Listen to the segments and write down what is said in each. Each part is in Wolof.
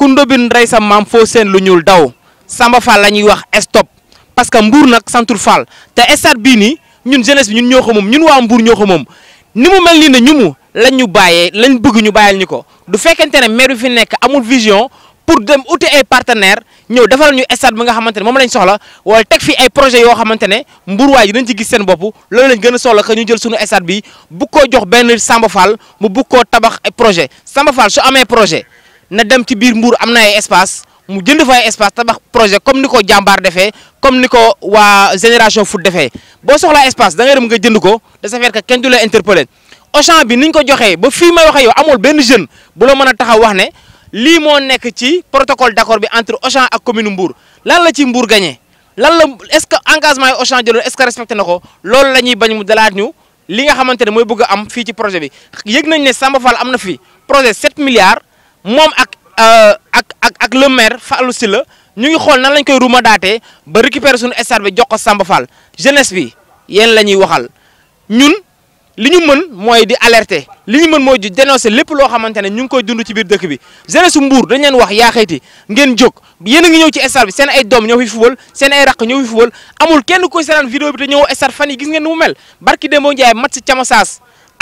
ku ndóbin rey sa maam foo seen lu ñuul daw Samba Fall la ñuy wax stop parce que Mbour nag santul Fall te estate bii nii ñun jeunesse bi ñun ñoo ko moom ñun waa mbuur ñoo ko moom ni mu mel nii ne ñu mu lañ ñu bàyyee lañ bëgg ñu bàyyal ñu ko du fekkente ne maire bi fi nekk amul vision pour dem uti ay partenaire ñëw defaral ñu stade bi nga xamante ne moom lañ soxla wala teg fi ay projet yoo xamante ne Mbour waay yi dañ ci gis seen bopp loolu lañ gën soxla que ñu jël suñu stade bi bu ko jox benn Samba Fall mu bu tabax ay projet Samba su amee projet na dem ci biir Mbour am na ay espace mu jënd fa ay espace tabax projet comme ni ko jàmbaar defee comme ni ko waa génération foot defee boo soxla espace da ngay dem nga jënd ko de ce fait que kenn du la interpellé Auchan bi ni ñu ko joxee ba fii may waxee yow amul benn jeune bu la mën a taxaw wax ne lii moo nekk ci protocole d'accord bi entre Auchan ak commune Mbour lan la ci Mbour gagné lan la est-ce que engagement yi Auchan jëloon est-ce que respecté na ko la ñuy bañ mu dalaat ñu li nga xamante ne mooy bëgg am fii ci projet bi yëg nañ ne Samba am na fi projet 7 milliards. moom ak euh, ak ak ak le maire Fallou Sylla ñu ngi xool nan lañ koy ruuma daatee ba récupérer suñu stade bi jox ko Samba Fall bi yéen la ñuy waxal ñun li ñu mën mooy di alerter li ñu mën mooy di dénoncer lépp loo xamante ne ñu ngi koy dund ci biir dëkk bi jeunesse su Mbour dañ leen wax yaa xayti ngeen jóg yéen a ngi ñëw ci stade bi seen ay doom ñëw fi fubal seen ay raq ñëw fi fubal amul kenn koy seetaan vidéo bi te ñëw stade fan yi gis ngeen ni mu mel barki Demba Ndiaye mat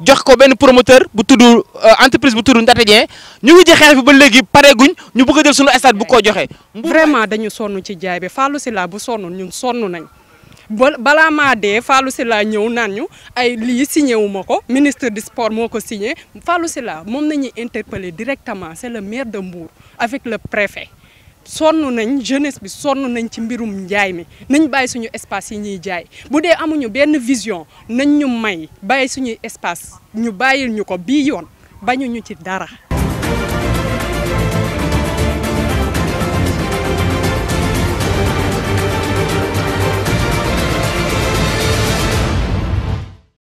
jox ko ben promoteur bu tuddu euh, entreprise bu tudd Ndate Dieng ñu ngi ji xeex bi ba paré guñ ñu bëgg jël suñu stade bu ko joxe. vraiment dañu sonn ci jaay bi Fallou Sylla bu sonnoon ñun sonn nañ bala ma dé fallu Fallou Sylla ñëw naan ñu ay li signé wu ma ministre du sport moko ko signé Fallou Sylla mom nañuy interpeller directement c'est le maire de Mbour avec le préfet. sonn nañ jeunesse bi sonn nañ ci mbirum njaay mi nañ bàyyi suñu espace yi ñuy jaay bu dee amuñu benn vision nañ ñu may bàyyi suñuy espace ñu bàyyil ñu ko bii yoon bañu ñu ci dara